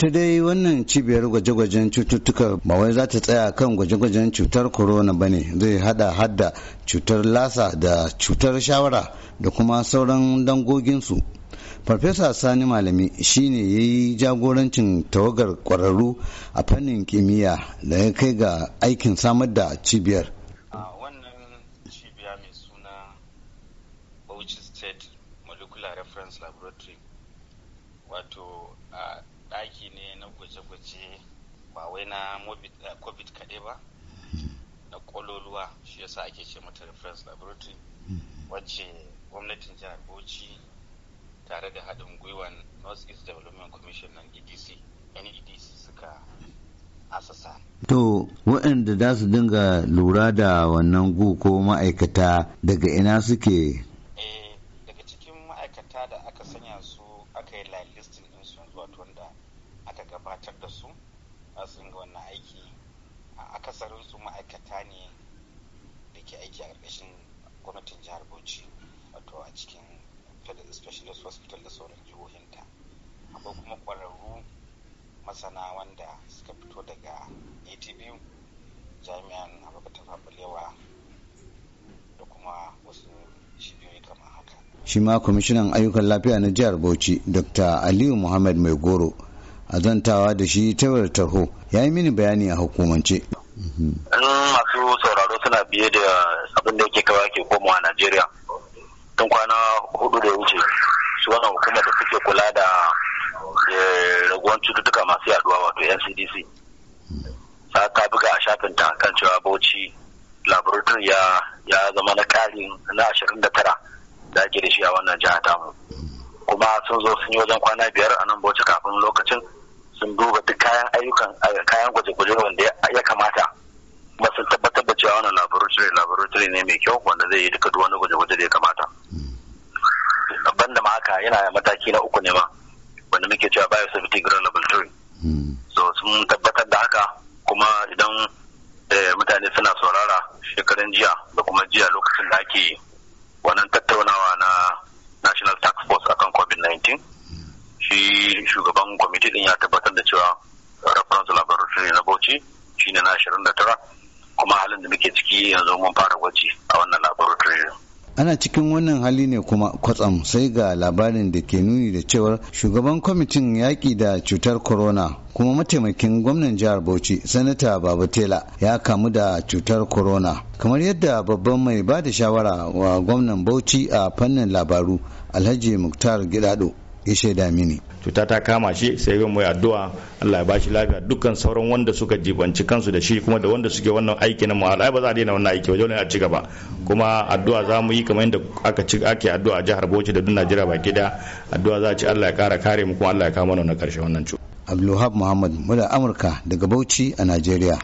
ita dai wannan cibiyar gwaje-gwajen cututtuka ba wai za ta tsaya kan gwaje-gwajen cutar corona ba ne zai hada hadda cutar lasa da cutar shawara da kuma sauran dangoginsu farfesa sani malami shine ya yi jagorancin tawagar kwararru a fannin kimiyya da ya kai ga aikin samar da cibiyar wannan cibiya mai suna bauchi state wato ɗaki ne na gwaje-gwaje ba wai na eh, covid kaɗai ba na ƙololuwa shi yasa ake ce mata reference laboratory mm-hmm. wacce gwamnatin jihar bauchi tare da haɗin gwiwan north east development commission na edc nedc suka asasa to waɗanda za su dinga lura da wannan gu ko ma'aikata daga ina suke ma'aikata da aka sanya su aka yi ɗin din su wato wanda aka gabatar da su a sun ga wannan aiki a akasarin su ma'aikata ne da ke aiki a ƙarƙashin gwamnatin jihar bauchi wato a cikin specialist hospital da sauran jihohinta akwai kuma ƙwararru masana wanda suka fito daga atb jami'an abubakar tafaɓalewa shi ma kwamishinan ayyukan lafiya na jihar bauchi dr aliyu muhammad mai goro a zantawa da shi ta tarho ya yi mini bayani a hukumance masu sauraro suna biye da abin da yake kawai ke komawa najeriya tun kwana hudu da wuce su wani hukumar da suke kula da eh, raguwan cututtuka masu yaduwa wato ncdc ta buga a shafin ta kan cewa bauchi laboratory ya zama na karin na tara. da ake da shi a wannan jiha tamu kuma sun zo sun yi wajen kwana biyar a nan bauchi kafin lokacin sun duba duk kayan ayyukan kayan gwaje-gwaje wanda ya kamata kuma sun tabbatar da cewa wannan laboratory laboratory ne mai kyau wanda zai yi duka duk wani gwaje-gwaje da ya kamata banda ma haka yana da mataki na uku ne ma wanda muke cewa biosafety grade laboratory so sun tabbatar da haka kuma idan eh, mutane suna saurara shekaran jiya da kuma jiya lokacin da ake wannan tattaunawa na national task force akan covid-19 shi shugaban kwamiti din ya tabbatar da cewa reference laboratory na bauchi shine na 29 kuma halin da muke ciki yanzu mun fara gwaji a wannan laboratory ana cikin wannan hali ne kuma kwatsam sai ga labarin da ke nuni da cewar shugaban kwamitin yaƙi da cutar corona kuma mataimakin gwamnan jihar bauchi sanata babatela ya kamu da cutar corona kamar yadda babban mai ba da shawara wa gwamnan bauchi a fannin labaru alhaji muktar gidado ya shaida mini cuta ta kama shi sai yi mai addu'a Allah ya bashi lafiya dukkan sauran wanda suka jibanci kansu da shi kuma da wanda suke wannan aiki na mu'amala ba za a daina wannan aiki wajen a ci gaba kuma addu'a za mu yi kamar yadda aka ci ake addu'a a jihar Bauchi da duk Najeriya baki da addu'a za a ci Allah ya kara kare mu kuma Allah ya kama mana na karshe wannan cuta Abdulwahab Muhammad muna Amurka daga Bauchi a Najeriya